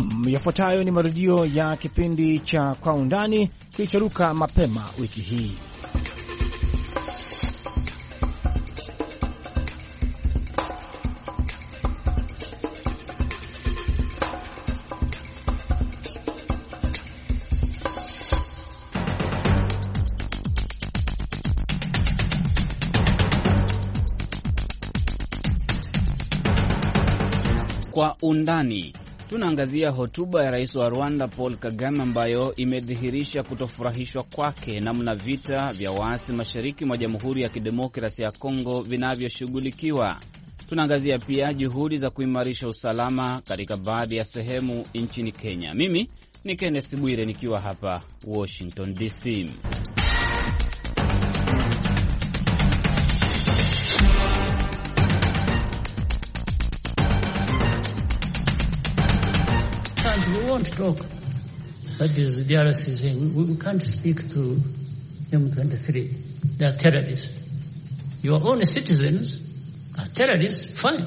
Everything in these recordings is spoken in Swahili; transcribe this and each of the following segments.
Nam, yafuatayo ni marudio ya kipindi cha Kwa Undani kilichoruka mapema wiki hii. Kwa Undani Tunaangazia hotuba ya rais wa Rwanda Paul Kagame ambayo imedhihirisha kutofurahishwa kwake namna vita vya waasi mashariki mwa Jamhuri ya Kidemokrasia ya Kongo vinavyoshughulikiwa. Tunaangazia pia juhudi za kuimarisha usalama katika baadhi ya sehemu nchini Kenya. Mimi ni kennes Bwire nikiwa hapa Washington DC. talk. That is the DRC saying, we can't speak to M23. They are terrorists. Your own citizens are terrorists, fine.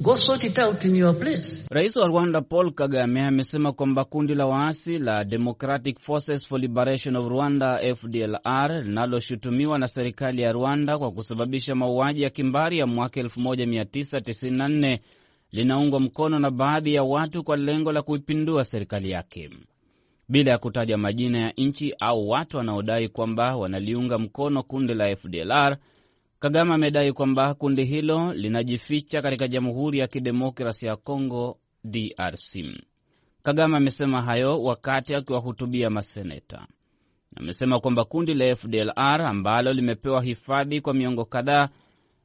Go sort it out in your place. Rais wa Rwanda Paul Kagame amesema kwamba kundi la waasi la Democratic Forces for Liberation of Rwanda FDLR linaloshutumiwa na serikali ya Rwanda kwa kusababisha mauaji ya kimbari ya mwaka 1994 linaungwa mkono na baadhi ya watu kwa lengo la kuipindua serikali yake. Bila ya kutaja majina ya nchi au watu wanaodai kwamba wanaliunga mkono kundi la FDLR, Kagame amedai kwamba kundi hilo linajificha katika Jamhuri ya Kidemokrasia ya congo DRC. Kagame amesema hayo wakati akiwahutubia maseneta. Amesema kwamba kundi la FDLR ambalo limepewa hifadhi kwa miongo kadhaa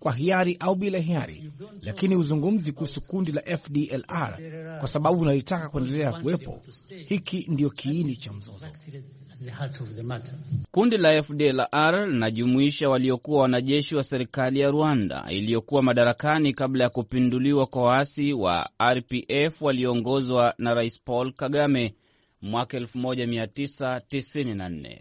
kwa hiari au bila hiari, lakini uzungumzi kuhusu kundi la FDLR kwa sababu unalitaka kuendelea kuwepo. Hiki ndiyo kiini cha mzozo. Kundi la FDLR linajumuisha waliokuwa wanajeshi wa serikali ya Rwanda iliyokuwa madarakani kabla ya kupinduliwa kwa waasi wa RPF walioongozwa na Rais Paul Kagame mwaka 1994.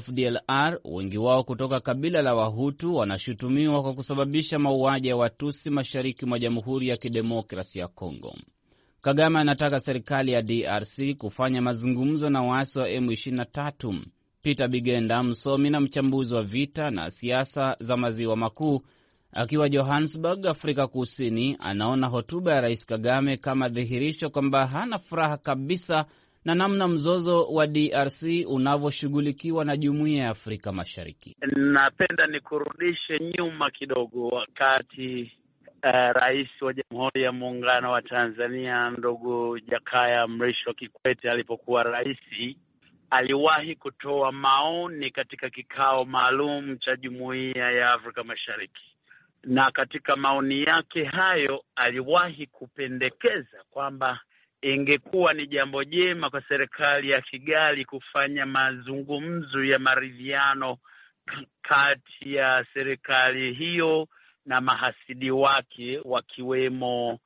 FDLR, wengi wao kutoka kabila la Wahutu, wanashutumiwa kwa kusababisha mauaji ya Watusi mashariki mwa Jamhuri ya Kidemokrasi ya Kongo. Kagame anataka serikali ya DRC kufanya mazungumzo na waasi wa M23. Peter Bigenda, msomi na mchambuzi wa vita na siasa za maziwa makuu, akiwa Johannesburg, Afrika Kusini, anaona hotuba ya Rais Kagame kama dhihirisho kwamba hana furaha kabisa na namna mzozo wa DRC unavyoshughulikiwa na jumuiya ya Afrika Mashariki. Napenda nikurudishe nyuma kidogo, wakati uh, rais wa Jamhuri ya Muungano wa Tanzania ndugu Jakaya Mrisho Kikwete alipokuwa rais aliwahi kutoa maoni katika kikao maalum cha Jumuiya ya Afrika Mashariki, na katika maoni yake hayo aliwahi kupendekeza kwamba ingekuwa ni jambo jema kwa serikali ya Kigali kufanya mazungumzo ya maridhiano kati ya serikali hiyo na mahasidi wake wakiwemo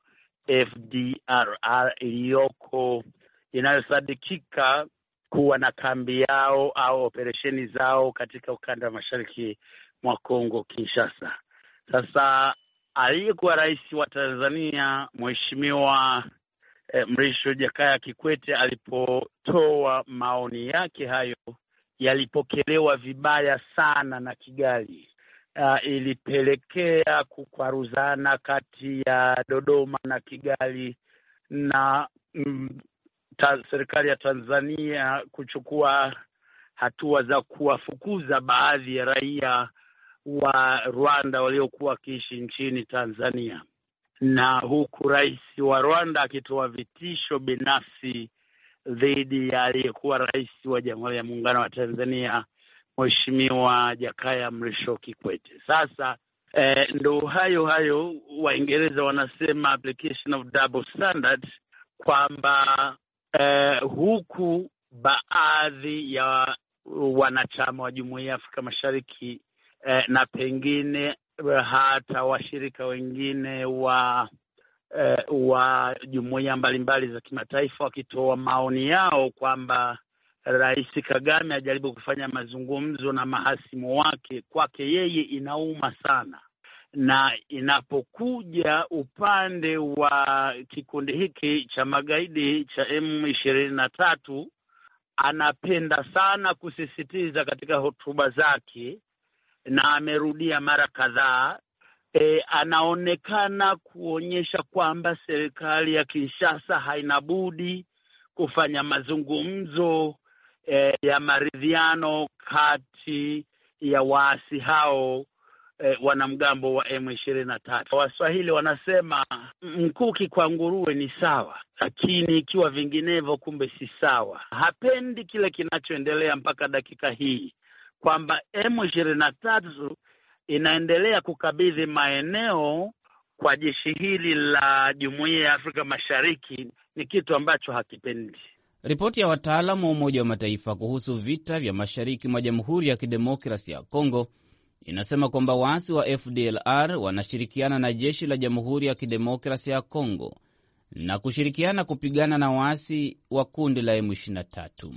FDR iliyoko inayosadikika kuwa na kambi yao au operesheni zao katika ukanda wa mashariki mwa Kongo Kinshasa. Sasa aliyekuwa rais wa Tanzania Mheshimiwa eh, Mrisho Jakaya Kikwete alipotoa maoni yake hayo yalipokelewa vibaya sana na Kigali. Uh, ilipelekea kukwaruzana kati ya Dodoma na Kigali na mm, ta, serikali ya Tanzania kuchukua hatua za kuwafukuza baadhi ya raia wa Rwanda waliokuwa wakiishi nchini Tanzania na huku rais wa Rwanda akitoa vitisho binafsi dhidi ya aliyekuwa rais wa Jamhuri ya Muungano wa Tanzania Mheshimiwa Jakaya Mrisho Kikwete. Sasa eh, ndo hayo hayo Waingereza wanasema application of double standard, kwamba eh, huku baadhi ya wanachama wa Jumuiya ya Afrika Mashariki eh, na pengine hata washirika wengine wa eh, wa jumuiya mbalimbali za kimataifa wakitoa maoni yao kwamba Rais Kagame ajaribu kufanya mazungumzo na mahasimu wake, kwake yeye inauma sana, na inapokuja upande wa kikundi hiki cha magaidi cha M ishirini na tatu anapenda sana kusisitiza katika hotuba zake na amerudia mara kadhaa e, anaonekana kuonyesha kwamba serikali ya Kinshasa haina budi kufanya mazungumzo e, ya maridhiano kati ya waasi hao e, wanamgambo wa M23. Waswahili wanasema mkuki kwa nguruwe ni sawa, lakini ikiwa vinginevyo, kumbe si sawa. Hapendi kile kinachoendelea mpaka dakika hii kwamba M 23 inaendelea kukabidhi maeneo kwa jeshi hili la Jumuiya ya Afrika Mashariki ni kitu ambacho hakipendi. Ripoti ya wataalamu wa Umoja wa Mataifa kuhusu vita vya mashariki mwa Jamhuri ya Kidemokrasia ya Kongo inasema kwamba waasi wa FDLR wanashirikiana na jeshi la Jamhuri ya Kidemokrasia ya Kongo na kushirikiana kupigana na waasi wa kundi la M23.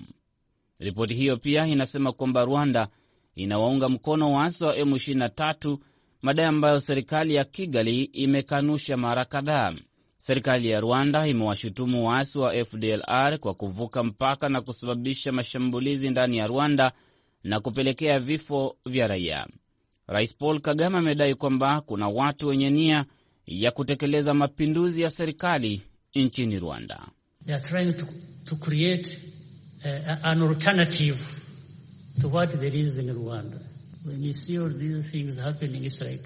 Ripoti hiyo pia inasema kwamba Rwanda inawaunga mkono waasi wa M23, madai ambayo serikali ya Kigali imekanusha mara kadhaa. Serikali ya Rwanda imewashutumu waasi wa FDLR kwa kuvuka mpaka na kusababisha mashambulizi ndani ya Rwanda na kupelekea vifo vya raia. Rais Paul Kagame amedai kwamba kuna watu wenye nia ya kutekeleza mapinduzi ya serikali nchini Rwanda. They are trying to, to create Uh, an alternative to what there is in Rwanda. When you see all these things happening, it's like,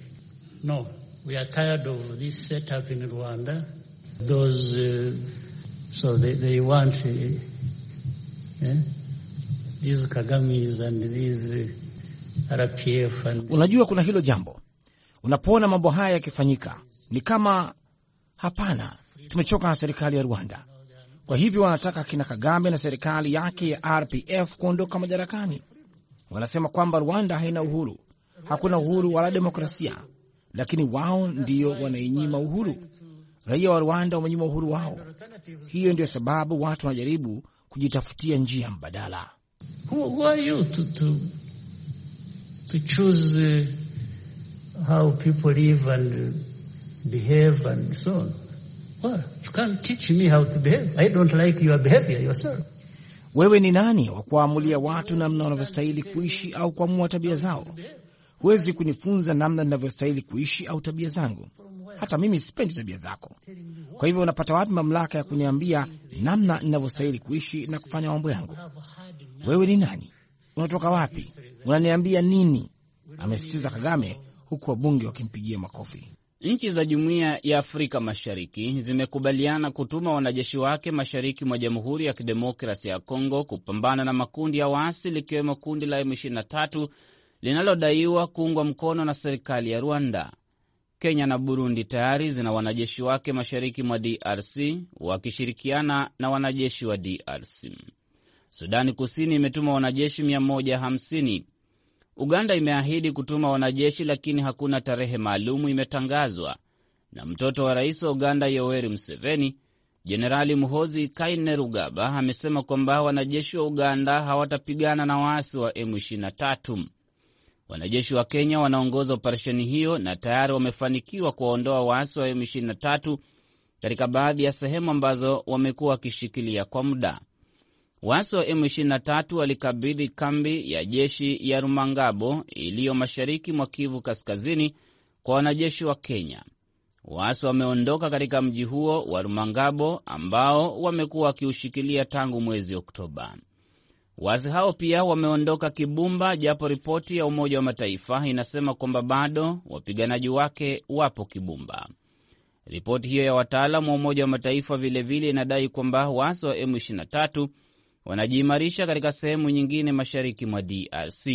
no, we are tired of this setup in Rwanda. Those, uh, so they, they want uh, eh, these Kagamis and these uh, RPF and... Unajua kuna hilo jambo, unapoona mambo haya yakifanyika ni kama hapana, tumechoka na serikali ya Rwanda Kwa hivyo wanataka kina Kagame na serikali yake ya RPF kuondoka madarakani. Wanasema kwamba Rwanda haina uhuru, hakuna uhuru wala demokrasia, lakini wao ndio wanainyima uhuru raia wa Rwanda, wamenyima uhuru wao. Hiyo ndio sababu watu wanajaribu kujitafutia njia mbadala. Who wewe ni nani wa kuwaamulia watu namna wanavyostahili kuishi au kuamua tabia zao? Huwezi kunifunza namna ninavyostahili kuishi au tabia zangu. Hata mimi sipendi tabia zako. Kwa hivyo unapata wapi mamlaka ya kuniambia namna ninavyostahili kuishi na kufanya mambo yangu? Wewe ni nani? Unatoka wapi? Unaniambia nini? Amesitiza Kagame, huku wabunge wakimpigia makofi. Nchi za Jumuiya ya Afrika Mashariki zimekubaliana kutuma wanajeshi wake mashariki mwa Jamhuri ya Kidemokrasia ya Kongo kupambana na makundi ya waasi likiwemo kundi la M23 linalodaiwa kuungwa mkono na serikali ya Rwanda. Kenya na Burundi tayari zina wanajeshi wake mashariki mwa DRC wakishirikiana na wanajeshi wa DRC. Sudani Kusini imetuma wanajeshi 150. Uganda imeahidi kutuma wanajeshi, lakini hakuna tarehe maalumu imetangazwa. Na mtoto wa rais wa Uganda Yoweri Museveni, Jenerali Muhozi Kainerugaba amesema kwamba wanajeshi wa Uganda hawatapigana na waasi wa M23. Wanajeshi wa Kenya wanaongoza operesheni hiyo na tayari wamefanikiwa kuwaondoa waasi wa M23 katika baadhi ya sehemu ambazo wamekuwa wakishikilia kwa muda. Waasi wa M23 walikabidhi kambi ya jeshi ya Rumangabo iliyo mashariki mwa Kivu Kaskazini kwa wanajeshi wa Kenya. Waasi wameondoka katika mji huo wa Rumangabo ambao wamekuwa wakiushikilia tangu mwezi Oktoba. Waasi hao pia wameondoka Kibumba, japo ripoti ya Umoja wa Mataifa inasema kwamba bado wapiganaji wake wapo Kibumba. Ripoti hiyo ya wataalamu wa Umoja wa Mataifa vilevile inadai kwamba waasi wa M23 wanajiimarisha katika sehemu nyingine mashariki mwa DRC.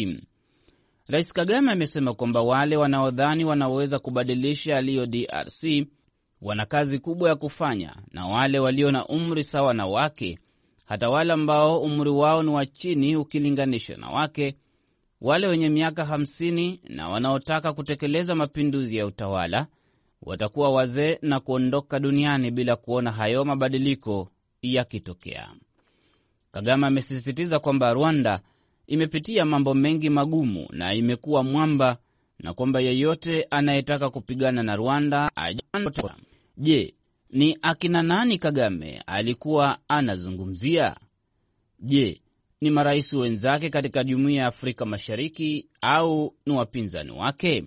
Rais Kagame amesema kwamba wale wanaodhani wanaoweza kubadilisha aliyo DRC wana kazi kubwa ya kufanya, na wale walio na umri sawa na wake, hata wale ambao umri wao ni wa chini ukilinganisha na wake, wale wenye miaka 50 na wanaotaka kutekeleza mapinduzi ya utawala watakuwa wazee na kuondoka duniani bila kuona hayo mabadiliko yakitokea. Kagame amesisitiza kwamba Rwanda imepitia mambo mengi magumu na imekuwa mwamba na kwamba yeyote anayetaka kupigana na Rwanda Je, ni akina nani Kagame alikuwa anazungumzia? Je, ni marais wenzake katika jumuiya ya Afrika Mashariki au ni wapinzani wake?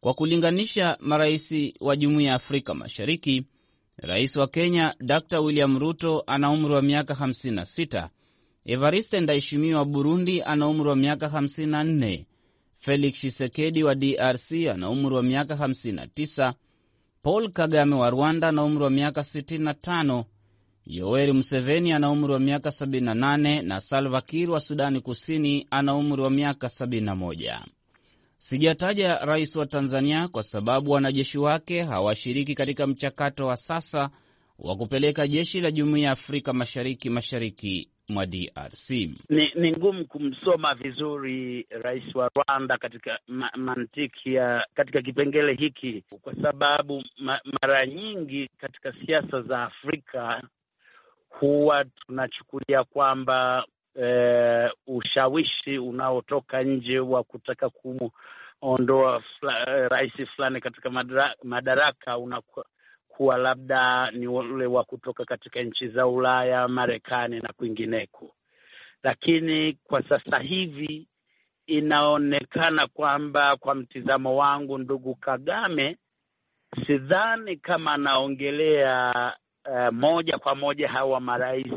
Kwa kulinganisha, marais wa jumuiya ya Afrika Mashariki Rais wa Kenya Dr William Ruto ana umri wa miaka 56. Evariste Ndayishimiye wa Burundi ana umri wa miaka 54. Felix Tshisekedi wa DRC ana umri wa miaka 59. Paul Kagame wa Rwanda ana umri wa miaka 65. Yoweri Museveni ana umri wa miaka 78 na Salva Kiir wa Sudani Kusini ana umri wa miaka 71. Sijataja rais wa Tanzania kwa sababu wanajeshi wake hawashiriki katika mchakato wa sasa wa kupeleka jeshi la jumuiya ya Afrika Mashariki mashariki mwa DRC. Ni, ni ngumu kumsoma vizuri rais wa Rwanda katika ma, mantiki ya katika kipengele hiki kwa sababu ma, mara nyingi katika siasa za Afrika huwa tunachukulia kwamba eh, ushawishi unaotoka nje wa kutaka kuondoa fla, eh, rais fulani katika madara, madaraka unakuwa labda ni ule wa kutoka katika nchi za Ulaya, Marekani na kwingineko, lakini kwa sasa hivi inaonekana kwamba kwa mtizamo wangu, ndugu Kagame sidhani kama anaongelea uh, moja kwa moja hawa marais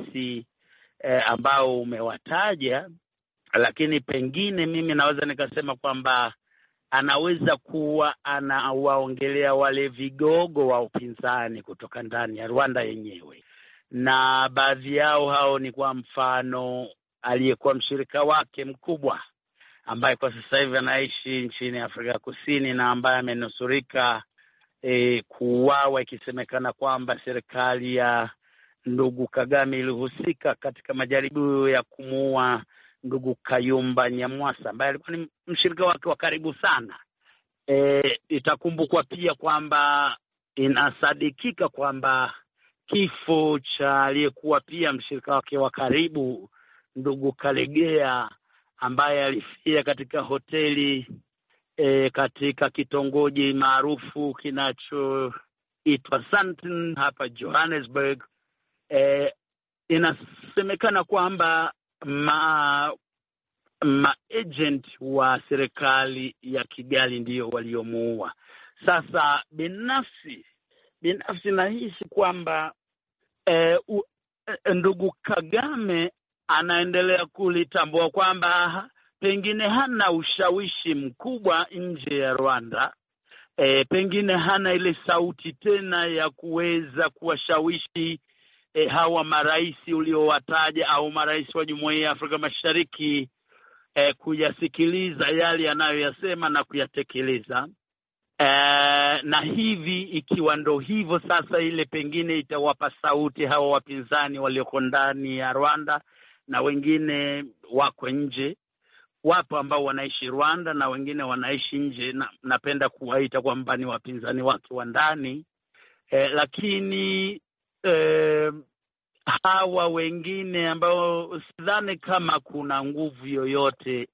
eh, ambao umewataja, lakini pengine mimi naweza nikasema kwamba anaweza kuwa anawaongelea wale vigogo wa upinzani kutoka ndani ya Rwanda yenyewe, na baadhi yao hao ni kwa mfano aliyekuwa mshirika wake mkubwa ambaye kwa sasa hivi anaishi nchini Afrika Kusini na ambaye amenusurika e, kuuawa ikisemekana kwamba serikali ya ndugu Kagame ilihusika katika majaribio ya kumuua ndugu Kayumba Nyamwasa ambaye alikuwa ni mshirika wake wa karibu sana. E, itakumbukwa pia kwamba inasadikika kwamba kifo cha aliyekuwa pia mshirika wake wa karibu ndugu Kalegea ambaye alifia katika hoteli e, katika kitongoji maarufu kinachoitwa Sandton hapa Johannesburg eh, inasemekana kwamba ma maagent wa serikali ya Kigali ndiyo waliomuua. Sasa binafsi binafsi nahisi kwamba eh, u, eh, ndugu Kagame anaendelea kulitambua kwamba pengine hana ushawishi mkubwa nje ya Rwanda. E, pengine hana ile sauti tena ya kuweza kuwashawishi e, hawa marais uliowataja au marais wa Jumuiya ya Afrika Mashariki e, kuyasikiliza yale yanayoyasema na kuyatekeleza. E, na hivi ikiwa ndo hivyo sasa, ile pengine itawapa sauti hawa wapinzani walioko ndani ya Rwanda na wengine wako nje. Wapo ambao wanaishi Rwanda na wengine wanaishi nje, na napenda kuwaita kwamba ni wapinzani wake wa ndani e, lakini eh, hawa wengine ambao sidhani kama kuna nguvu yoyote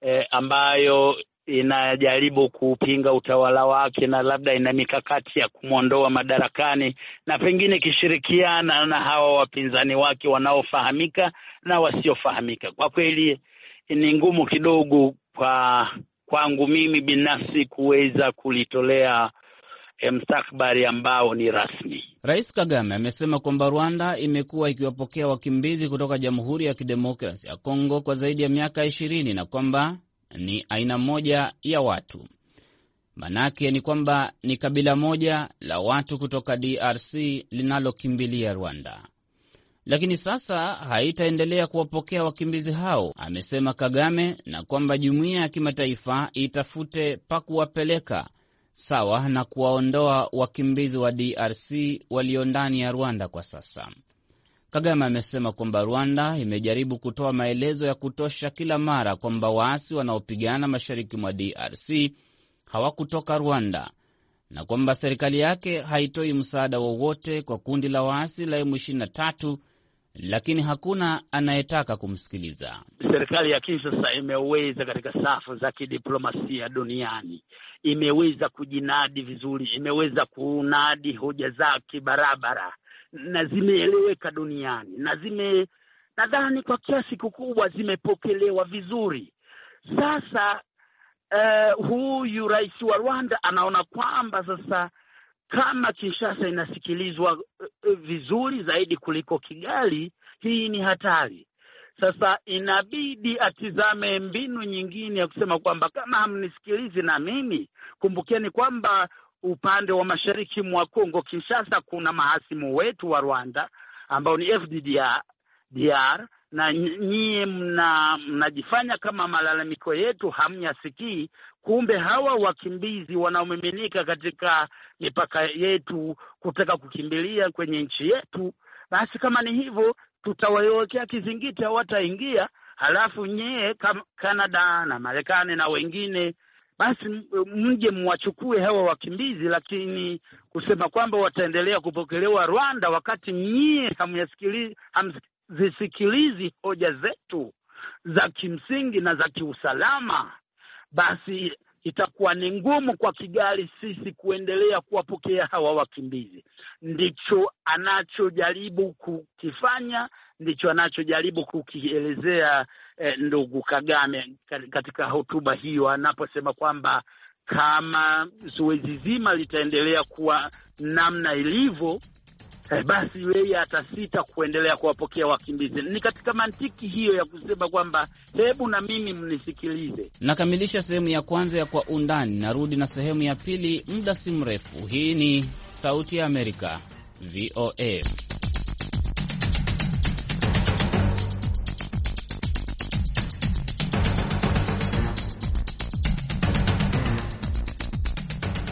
eh, ambayo inajaribu kupinga utawala wake na labda ina mikakati ya kumwondoa madarakani na pengine ikishirikiana na hawa wapinzani wake wanaofahamika na wasiofahamika. Kwa kweli ni ngumu kidogo kwa kwangu mimi binafsi kuweza kulitolea E, mstakbari ambao ni rasmi. Rais Kagame amesema kwamba Rwanda imekuwa ikiwapokea wakimbizi kutoka Jamhuri ya Kidemokrasi ya Kongo kwa zaidi ya miaka ishirini na kwamba ni aina moja ya watu. Manake ni kwamba ni kabila moja la watu kutoka DRC linalokimbilia Rwanda, lakini sasa haitaendelea kuwapokea wakimbizi hao, amesema Kagame, na kwamba jumuiya ya kimataifa itafute pa kuwapeleka sawa na kuwaondoa wakimbizi wa DRC walio ndani ya Rwanda kwa sasa. Kagame amesema kwamba Rwanda imejaribu kutoa maelezo ya kutosha kila mara kwamba waasi wanaopigana mashariki mwa DRC hawakutoka Rwanda na kwamba serikali yake haitoi msaada wowote kwa kundi la waasi la M23, lakini hakuna anayetaka kumsikiliza. Serikali ya Kinshasa imeweza katika safu za kidiplomasia duniani imeweza kujinadi vizuri, imeweza kunadi hoja zake barabara na zimeeleweka duniani na zime nadhani kwa kiasi kikubwa zimepokelewa vizuri. Sasa uh, huyu rais wa Rwanda anaona kwamba sasa kama Kinshasa inasikilizwa uh, vizuri zaidi kuliko Kigali, hii ni hatari. Sasa inabidi atizame mbinu nyingine ya kusema kwamba kama hamnisikilizi na mimi, kumbukeni kwamba upande wa mashariki mwa Kongo Kinshasa kuna mahasimu wetu wa Rwanda ambao ni FDDR na nyie mna, mnajifanya kama malalamiko yetu hamyasikii. Kumbe hawa wakimbizi wanaomiminika katika mipaka yetu kutaka kukimbilia kwenye nchi yetu, basi kama ni hivyo, tutawawekea kizingiti, hawataingia. Halafu nyie Kanada na Marekani na wengine basi mje mwachukue hawa wakimbizi, lakini kusema kwamba wataendelea kupokelewa Rwanda wakati nyie hamzisikilizi hoja zetu za kimsingi na za kiusalama, basi itakuwa ni ngumu kwa Kigali sisi kuendelea kuwapokea hawa wakimbizi. Ndicho anachojaribu kukifanya, ndicho anachojaribu kukielezea eh, ndugu Kagame katika hotuba hiyo anaposema kwamba kama zoezi zima litaendelea kuwa namna ilivyo Eh, basi yeye atasita kuendelea kuwapokea wakimbizi. Ni katika mantiki hiyo ya kusema kwamba hebu na mimi mnisikilize. Nakamilisha sehemu ya kwanza ya Kwa Undani, narudi na sehemu ya pili muda si mrefu. Hii ni Sauti ya Amerika, VOA.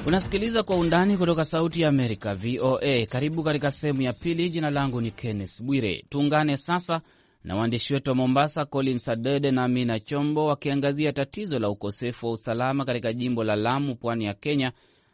Unasikiliza kwa undani kutoka Sauti ya Amerika, VOA. Karibu katika sehemu ya pili. Jina langu ni Kenneth Bwire. Tuungane sasa na waandishi wetu wa Mombasa, Colin Adede na Amina Chombo, wakiangazia tatizo la ukosefu wa usalama katika jimbo la Lamu, pwani ya Kenya,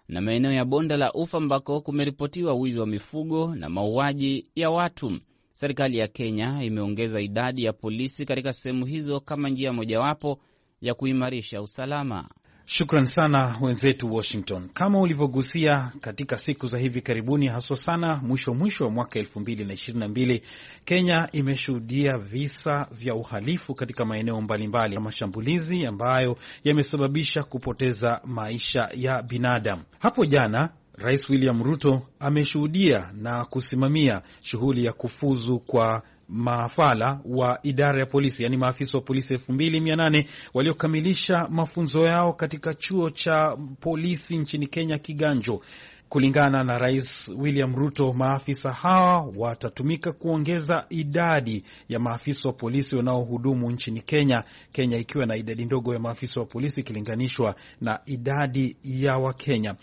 na maeneo ya bonde la Ufa ambako kumeripotiwa wizi wa mifugo na mauaji ya watu. Serikali ya Kenya imeongeza idadi ya polisi katika sehemu hizo kama njia mojawapo ya kuimarisha usalama. Shukran sana wenzetu Washington. Kama ulivyogusia katika siku za hivi karibuni, haswa sana mwisho mwisho wa mwaka elfu mbili na ishirini na mbili, Kenya imeshuhudia visa vya uhalifu katika maeneo mbalimbali, mashambulizi ambayo yamesababisha kupoteza maisha ya binadamu. Hapo jana Rais William Ruto ameshuhudia na kusimamia shughuli ya kufuzu kwa maafala wa idara ya polisi, yaani maafisa wa polisi elfu mbili mia nane waliokamilisha mafunzo yao katika chuo cha polisi nchini Kenya, Kiganjo. Kulingana na Rais William Ruto, maafisa hawa watatumika kuongeza idadi ya maafisa wa polisi wanaohudumu nchini Kenya, Kenya ikiwa na idadi ndogo ya maafisa wa polisi ikilinganishwa na idadi ya Wakenya.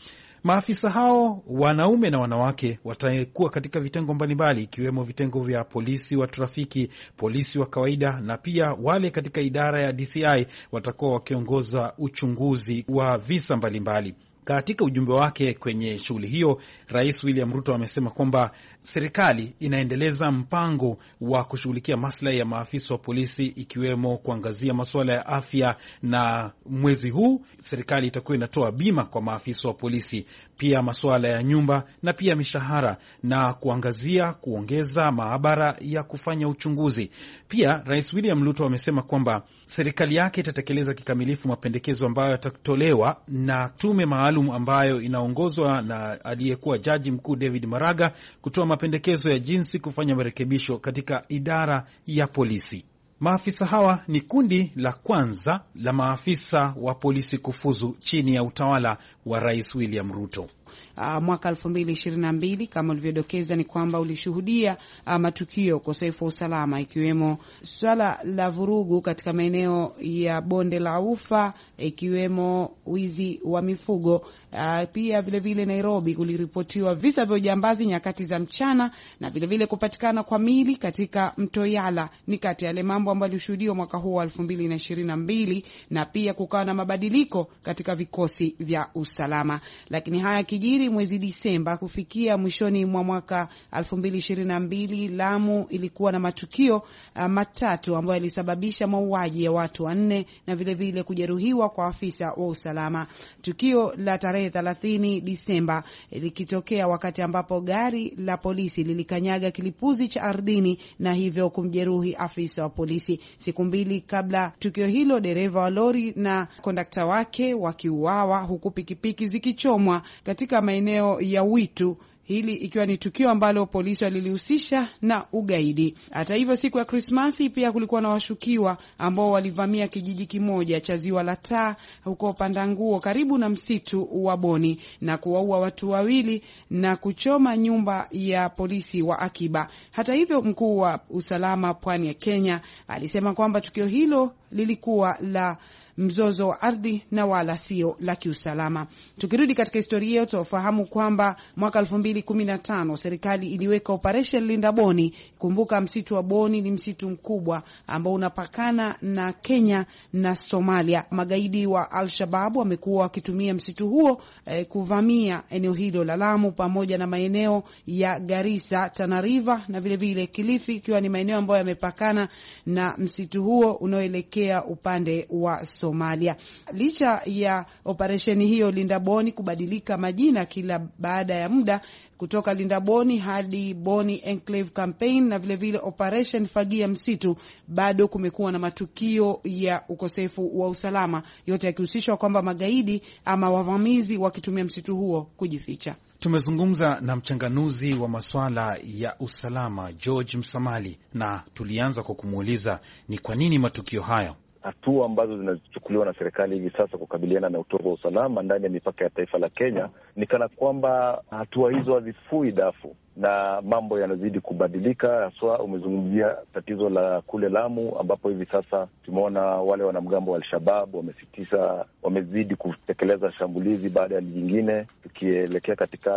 Maafisa hao wanaume na wanawake watakuwa katika vitengo mbalimbali ikiwemo vitengo vya polisi wa trafiki, polisi wa kawaida na pia wale katika idara ya DCI watakuwa wakiongoza uchunguzi wa visa mbalimbali mbali. Katika ujumbe wake kwenye shughuli hiyo, Rais William Ruto amesema kwamba serikali inaendeleza mpango wa kushughulikia maslahi ya maafisa wa polisi ikiwemo kuangazia masuala ya afya, na mwezi huu serikali itakuwa inatoa bima kwa maafisa wa polisi, pia masuala ya nyumba na pia mishahara, na kuangazia kuongeza maabara ya kufanya uchunguzi. Pia Rais William Ruto amesema kwamba serikali yake itatekeleza kikamilifu mapendekezo ambayo yatatolewa na tume maalum ambayo inaongozwa na aliyekuwa jaji mkuu David Maraga kutoa mapendekezo ya jinsi kufanya marekebisho katika idara ya polisi. Maafisa hawa ni kundi la kwanza la maafisa wa polisi kufuzu chini ya utawala wa Rais William Ruto uh, mwaka 2022 kama ulivyodokeza ni kwamba ulishuhudia uh, matukio ukosefu wa usalama ikiwemo swala la vurugu katika maeneo ya bonde la Ufa ikiwemo wizi wa mifugo uh, pia vilevile vile Nairobi kuliripotiwa visa vya ujambazi nyakati za mchana na vilevile vile kupatikana kwa mili katika mto Yala ni kati ya yale mambo ambayo alishuhudiwa mwaka huu wa 2022 na pia kukawa na mabadiliko katika vikosi vya usalama, lakini haya yalijiri mwezi Disemba. Kufikia mwishoni mwa mwaka 2022 Lamu ilikuwa na matukio uh, matatu ambayo yalisababisha mauaji ya watu wanne na vilevile vile kujeruhiwa kwa afisa wa usalama. Tukio la tarehe 30 Disemba likitokea wakati ambapo gari la polisi lilikanyaga kilipuzi cha ardhini na hivyo kumjeruhi afisa wa polisi. Siku mbili kabla tukio hilo, dereva wa lori na kondakta wake wakiuawa huku pikipiki zikichomwa katika katika maeneo ya Witu, hili ikiwa ni tukio ambalo polisi walilihusisha na ugaidi. Hata hivyo, siku ya Krismasi pia kulikuwa na washukiwa ambao walivamia kijiji kimoja cha Ziwa la Taa huko Pandanguo, karibu na msitu wa Boni na kuwaua watu wawili na kuchoma nyumba ya polisi wa akiba. Hata hivyo, mkuu wa usalama pwani ya Kenya alisema kwamba tukio hilo lilikuwa la mzozo wa ardhi na wala sio la kiusalama. Tukirudi katika historia, tunafahamu kwamba mwaka 2015 serikali iliweka operation Linda Boni. Kumbuka msitu wa Boni ni msitu mkubwa ambao unapakana na Kenya na Somalia. Magaidi wa Al-Shababu wamekuwa wakitumia msitu huo eh, kuvamia eneo hilo la Lamu pamoja na maeneo ya Garissa, Tana River na vile vile Kilifi, ikiwa ni maeneo ambayo yamepakana na msitu huo unaoelekea upande wa Somalia. Licha ya operesheni hiyo linda Boni kubadilika majina kila baada ya muda kutoka Boni hadi Boni Enclave Campaign na vilevile Operation Fagia Msitu, bado kumekuwa na matukio ya ukosefu wa usalama, yote yakihusishwa kwamba magaidi ama wavamizi wakitumia msitu huo kujificha. Tumezungumza na mchanganuzi wa masuala ya usalama George Msamali, na tulianza kwa kumuuliza ni kwa nini matukio hayo hatua ambazo zinachukuliwa na serikali hivi sasa kukabiliana na utovu wa usalama ndani ya mipaka ya taifa la Kenya ni kana kwamba hatua hizo hazifui dafu na mambo yanazidi kubadilika. Haswa umezungumzia tatizo la kule Lamu, ambapo hivi sasa tumeona wale wanamgambo wa alshabab wamesitisa wamesitisha, wamezidi kutekeleza shambulizi baada ya jingine, tukielekea katika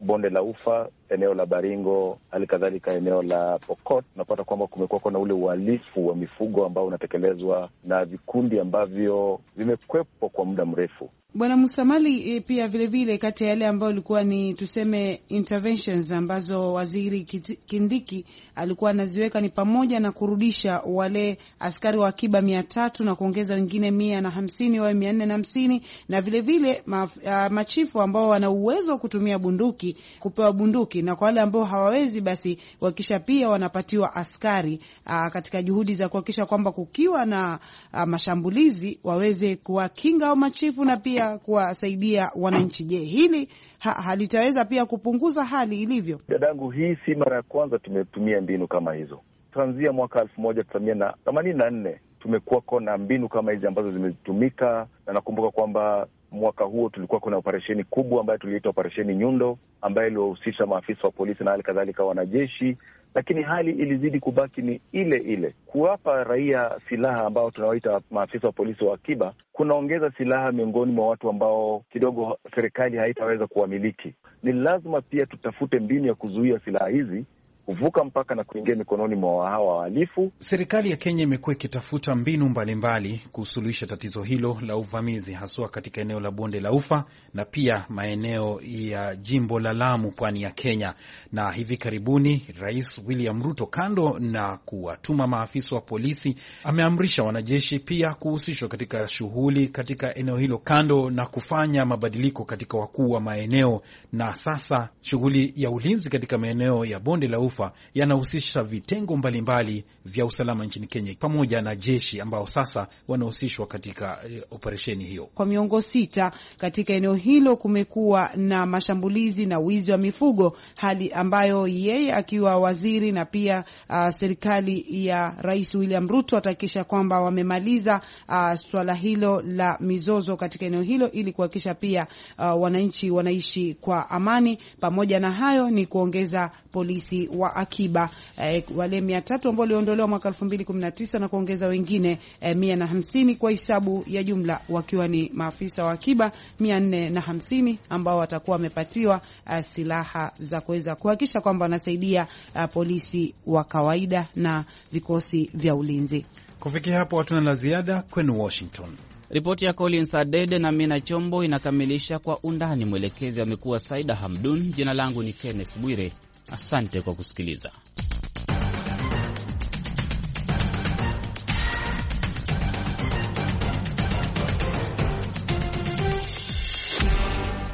bonde la Ufa, eneo la Baringo, hali kadhalika eneo la Pokot, unapata kwamba kumekuwa na ule uhalifu wa mifugo ambao unatekelezwa na vikundi ambavyo vimekwepwa kwa muda mrefu. Bwana Musamali, eh, pia vilevile, kati ya yale ambayo ilikuwa ni tuseme interventions ambazo waziri Kindiki alikuwa anaziweka ni pamoja na kurudisha wale askari wa akiba mia tatu na kuongeza wengine mia na hamsini wawe mia nne na hamsini na vilevile ma, uh, ah, machifu ambao wana uwezo wa kutumia bunduki kupewa bunduki, na kwa wale ambao hawawezi basi kuhakikisha pia wanapatiwa askari uh, katika juhudi za kuhakikisha kwamba kukiwa na uh, mashambulizi waweze kuwakinga au machifu na pia pia kuwasaidia wananchi. Je, hili ha, halitaweza pia kupunguza hali ilivyo? Dadangu, hii si mara ya kwanza tumetumia mbinu kama hizo. Tanzia mwaka elfu moja tisa mia na themanini na nne tumekuwako na mbinu kama hizi ambazo zimetumika, na nakumbuka kwamba mwaka huo tulikuwa kuna operesheni kubwa ambayo tuliita operesheni Nyundo ambayo iliwahusisha maafisa wa polisi na hali kadhalika wanajeshi lakini hali ilizidi kubaki ni ile ile. Kuwapa raia silaha ambao tunawaita maafisa wa polisi wa akiba kunaongeza silaha miongoni mwa watu ambao kidogo serikali haitaweza kuwamiliki. Ni lazima pia tutafute mbinu ya kuzuia silaha hizi kuvuka mpaka na kuingia mikononi mwa hawa wahalifu. Serikali ya Kenya imekuwa ikitafuta mbinu mbalimbali kusuluhisha tatizo hilo la uvamizi, haswa katika eneo la bonde la Ufa na pia maeneo ya jimbo la Lamu, pwani ya Kenya. Na hivi karibuni Rais William Ruto, kando na kuwatuma maafisa wa polisi, ameamrisha wanajeshi pia kuhusishwa katika shughuli katika eneo hilo, kando na kufanya mabadiliko katika wakuu wa maeneo. Na sasa shughuli ya ulinzi katika maeneo ya bonde la Ufa kimataifa yanahusisha vitengo mbalimbali mbali vya usalama nchini Kenya pamoja na jeshi ambao sasa wanahusishwa katika eh, operesheni hiyo. Kwa miongo sita katika eneo hilo kumekuwa na mashambulizi na wizi wa mifugo, hali ambayo yeye akiwa waziri na pia uh, serikali ya Rais William Ruto atahakikisha kwamba wamemaliza uh, swala hilo la mizozo katika eneo hilo ili kuhakikisha pia uh, wananchi wanaishi kwa amani. Pamoja na hayo ni kuongeza polisi wa kwa akiba eh, wale mia tatu ambao waliondolewa mwaka elfu mbili kumi na tisa na kuongeza wengine eh, mia na hamsini kwa hisabu ya jumla wakiwa ni maafisa wa akiba mia nne na hamsini ambao watakuwa wamepatiwa eh, silaha za kuweza kuhakikisha kwamba wanasaidia eh, polisi wa kawaida na vikosi vya ulinzi. Kufikia hapo hatuna la ziada kwenu Washington. Ripoti ya Collins Adede na Mina Chombo inakamilisha kwa undani. Mwelekezi amekuwa Saida Hamdun. Jina langu ni Kenneth Bwire, asante kwa kusikiliza.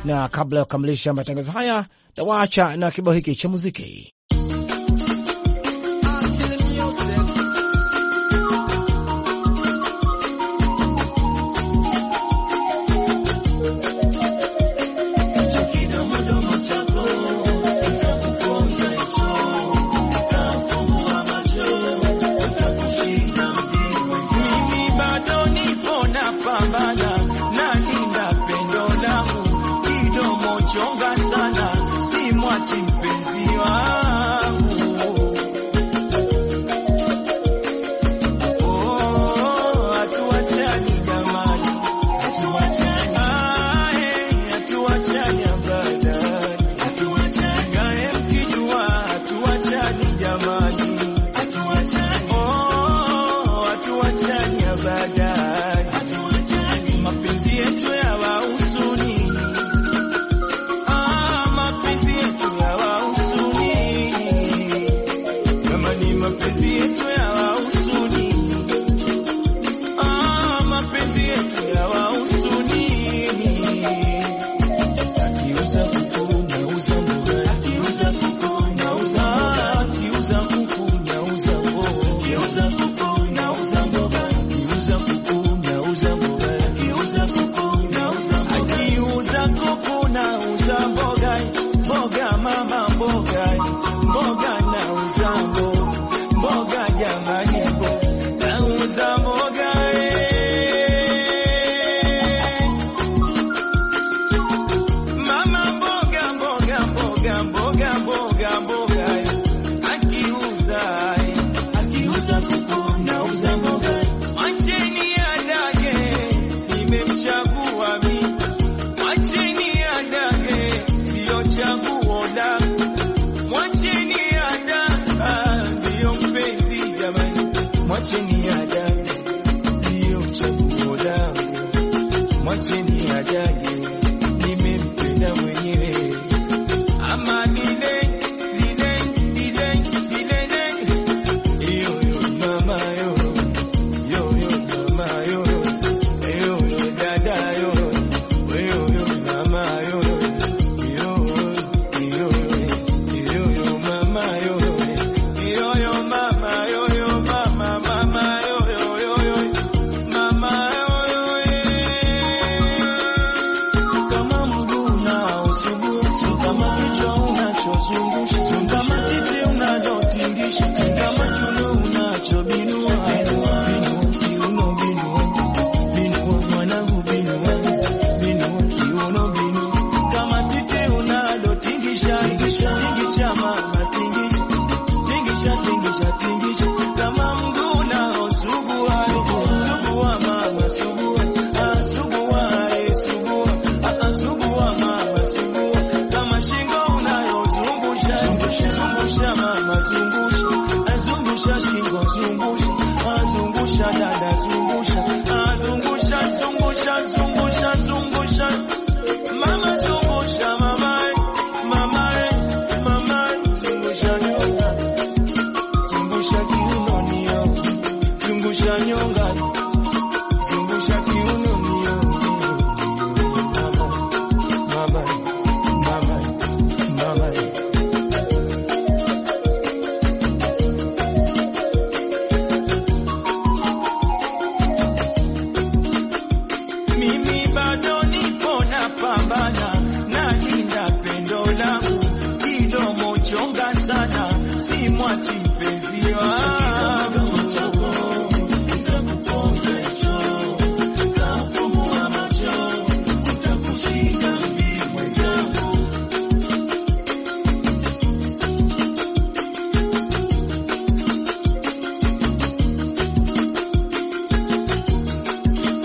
Na kabla ya kukamilisha matangazo haya, nawaacha na kibao hiki cha muziki.